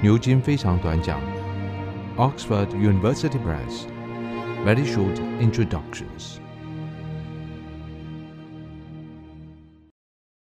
牛津非常短講，Oxford University Press very short introductions。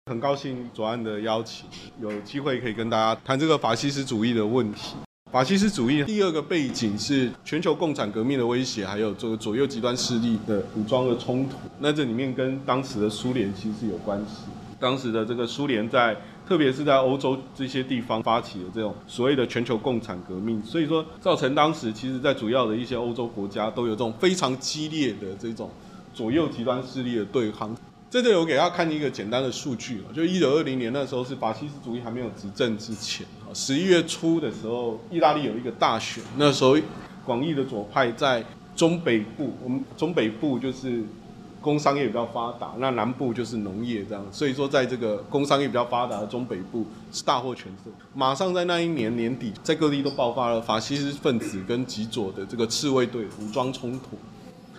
很高興左岸的邀請，有機會可以跟大家談這個法西斯主義的問題。法西斯主義第二個背景是全球共產革命的威脅，還有這個左右極端勢力的武裝的衝突。那這裡面跟當時的蘇聯其實是有關係。當時的這個蘇聯在，特別是在歐洲這些地方發起的這種所謂的全球共產革命，所以說造成當時其實，在主要的一些歐洲國家都有這種非常激烈的這種左右極端勢力的對抗。嗯、在這裡我給大家看一個簡單的數據，就一九二零年那時候是法西斯主義還沒有執政之前啊，十一月初的時候，意大利有一個大選，那時候廣義的左派在中北部，我們中北部就是。工商業比較發達，那南部就是農業這樣，所以說在這個工商業比較發達的中北部是大獲全勝。馬上在那一年年底，在各地都爆發了法西斯分子跟極左的這個赤衛隊武裝衝突。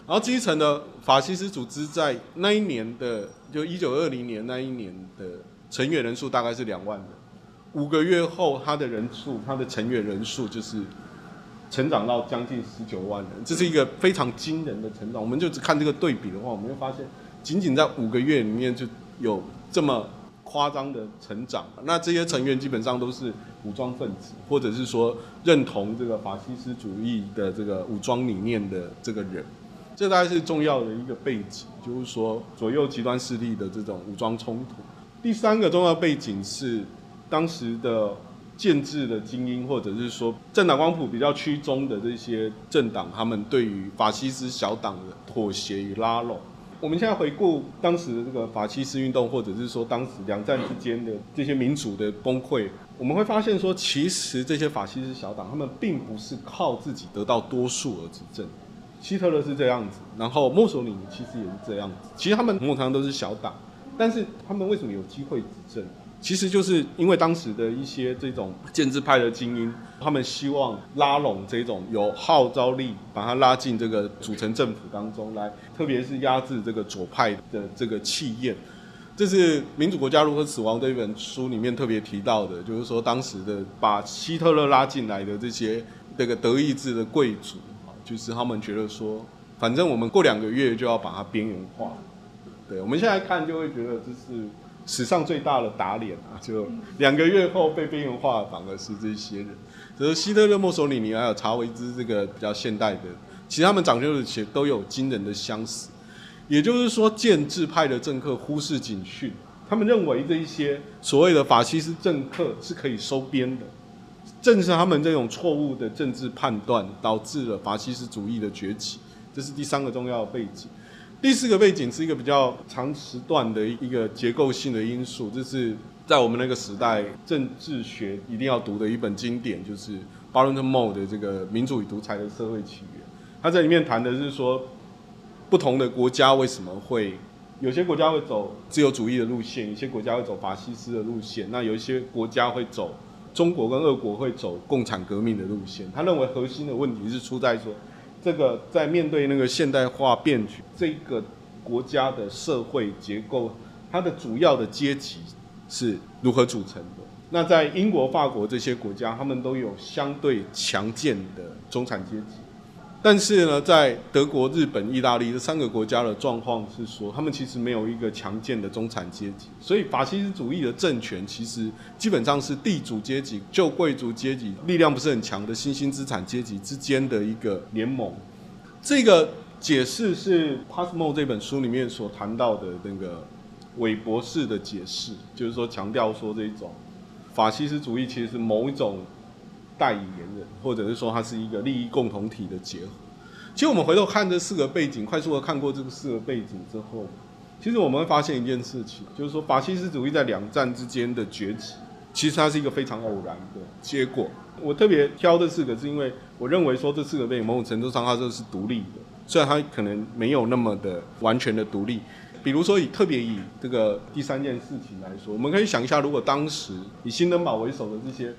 然後基層的法西斯組織在那一年的就一九二零年那一年的成員人數大概是兩萬人，五個月後他的人數，他的成員人數就是。成長到將近十九萬人，這是一個非常驚人的成長。我們就只看這個對比的話，我們會發現，僅僅在五個月裡面就有這麼誇張的成長。那這些成員基本上都是武裝分子，或者是說認同這個法西斯主義的這個武裝理念的這個人。這大概是重要的一個背景，就是說左右極端勢力的這種武裝衝突。第三個重要背景是當時的。建制的精英，或者是說政黨光譜比較趨中的這些政黨，他們對於法西斯小黨的妥協與拉攏。我們現在回顧當時的這個法西斯運動，或者是說當時兩戰之間的這些民主的崩潰，我們會發現說，其實這些法西斯小黨他們並不是靠自己得到多數而執政。希特勒是這樣子，然後墨索里尼其實也是這樣子，其實他們通常，常都是小黨。但是他們為什麼有機會執政？其實就是因為當時的一些這種建制派的精英，他們希望拉攏這種有號召力，把他拉進這個組成政府當中來，特別是壓制這個左派的這個氣焰。這是《民主國家如何死亡》這本書裡面特別提到的，就是說當時的把希特勒拉進來的這些這個德意志的貴族，就是他們覺得說，反正我們過兩個月就要把它邊緣化。對我們現在看就會覺得這是史上最大的打臉啊！就兩個月後被邊緣化，反而是這些人，就是希特勒、墨索里尼還有查韋茲這個比較現代的，其實他們長究的其都有驚人的相似。也就是說，建制派的政客忽視警訊，他們認為這一些所謂的法西斯政客是可以收編的，正是他們這種錯誤的政治判斷導致了法西斯主義的崛起。這是第三個重要的背景。第四個背景是一個比較長時段的一個結構性的因素，就是在我們那個時代，政治學一定要讀的一本經典，就是巴倫特·莫的這個《民主與獨裁的社會起源》。他在裡面談的是說，不同的國家為什麼會有些國家會走自由主義的路線，有些國家會走法西斯的路線，那有一些國家會走中國跟俄國會走共產革命的路線。他認為核心的問題是出在說。這個在面對那個現代化變局，這個國家的社會結構，它的主要的階級是如何組成的？那在英國、法國這些國家，他們都有相對強健的中產階級。但是呢，在德國、日本、意大利這三個國家的狀況是說，他們其實沒有一個強健的中產階級，所以法西斯主義的政權其實基本上是地主階級、舊貴族階級力量不是很強的新興資產階級之間的一個聯盟。這個解釋是 Passmore 這本書裡面所談到的那個韋伯式的解釋，就是說強調說這種法西斯主義其實是某一種代言人，或者是說它是一個利益共同體的結合。其實我們回頭看這四個背景，快速的看過這個四個背景之後，其實我們會發現一件事情，就是說法西斯主義在兩戰之間的崛起，其實它是一個非常偶然的結果。我特別挑這四個，是因為我認為說這四個背景某種程度上它就是獨立的，雖然它可能沒有那麼的完全的獨立。比如說以特別以這個第三件事情來說，我們可以想一下，如果當時以興登堡為首的這些。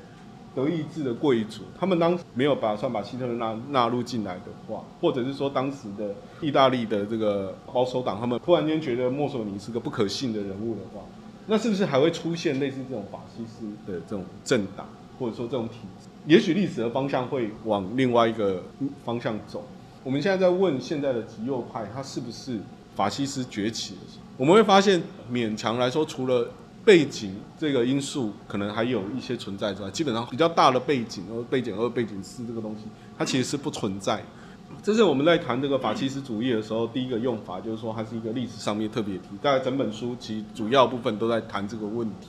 德意志的貴族，他們當時沒有打算把希特勒納納入進來的話，或者是說當時的意大利的這個保守黨，他們突然間覺得墨索里尼是個不可信的人物的話，那是不是還會出現類似這種法西斯的這種政黨，或者說這種體制？也許歷史的方向會往另外一個方向走。我們現在在問現在的極右派，他是不是法西斯崛起的？我們會發現，勉強來說，除了。背景這個因素可能還有一些存在之外，基本上比較大的背景，而背景二背景四這個東西它其實是不存在。這是我們在談這個法西斯主義的時候，第一個用法就是說它是一個歷史上面特別題。大概整本書其實主要部分都在談這個問題。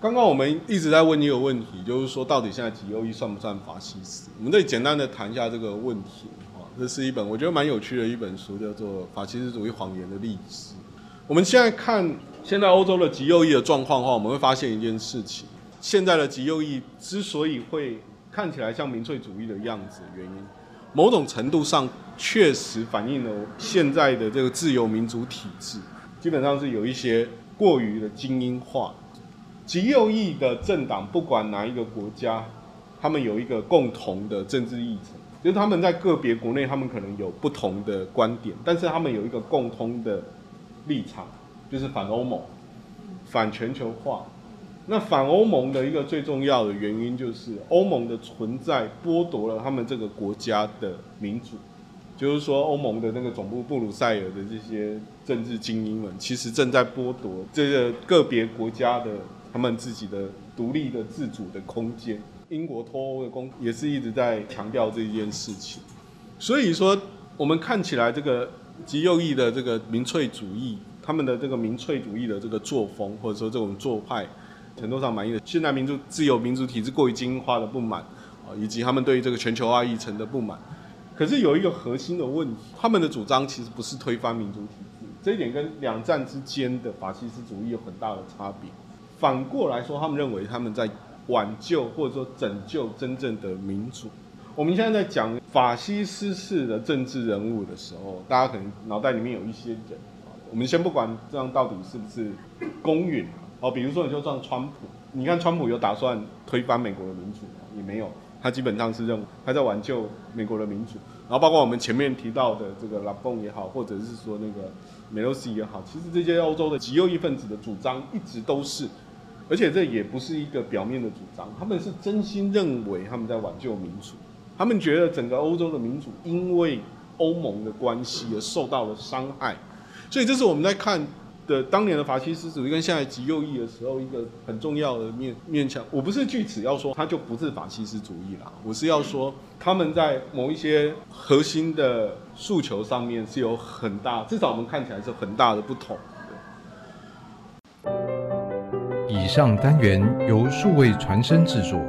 剛剛我們一直在問一個問題，就是說到底現在極右翼算不算法西斯？我們這裡簡單的談一下這個問題。這是一本我覺得蠻有趣的一本書，叫做《法西斯主義謊言的歷史》。我們現在看，現在歐洲的極右翼的狀況的話，我們會發現一件事情：現在的極右翼之所以會看起來像民粹主義的樣子，原因某種程度上確實反映了現在的這個自由民主體制基本上是有一些過於的精英化。極右翼的政黨，不管哪一個國家，他們有一個共同的政治議程，就是他們在個別國內他們可能有不同的觀點，但是他們有一個共通的立場。就是反歐盟、反全球化。那反歐盟的一個最重要的原因，就是歐盟的存在剝奪了他們這個國家的民主。就是說，歐盟的那個總部布魯塞爾的這些政治精英們，其實正在剝奪這個個別國家的他們自己的獨立的自主的空間。英國脫歐的公也是一直在強調這件事情。所以說，我們看起來這個極右翼的這個民粹主義，他們的這個民粹主義的這個作風，或者說這種做派，程度上滿意的現代民主、自由民主體制過於精英化的不滿，啊，以及他們對於這個全球化議程的不滿。可是有一個核心的問題，他們的主張其實不是推翻民主體制，這一點跟兩戰之間的法西斯主義有很大的差別。反過來說，他們認為他們在挽救或者說拯救真正的民主。我們現在在講法西斯式的政治人物的時候，大家可能腦袋裡面有一些人。我們先不管這樣到底是不是公允啊？比如說你就算川普，你看川普有打算推翻美國的民主嗎？也沒有，他基本上是認為他在挽救美國的民主。然後包括我們前面提到的這個拉崩也好，或者是說那個梅洛西也好，其實這些歐洲的極右翼分子的主張一直都是，而且這也不是一個表面的主張，他們是真心認為他們在挽救民主，他們覺得整個歐洲的民主因為歐盟的關係而受到了傷害。所以這是我們在看的當年的法西斯主義跟現在極右翼的時候一個很重要的面面相。我不是據此要說他就不是法西斯主義了，我是要說他們在某一些核心的訴求上面是有很大，至少我們看起來是很大的不同的。以上單元由數位傳聲製作。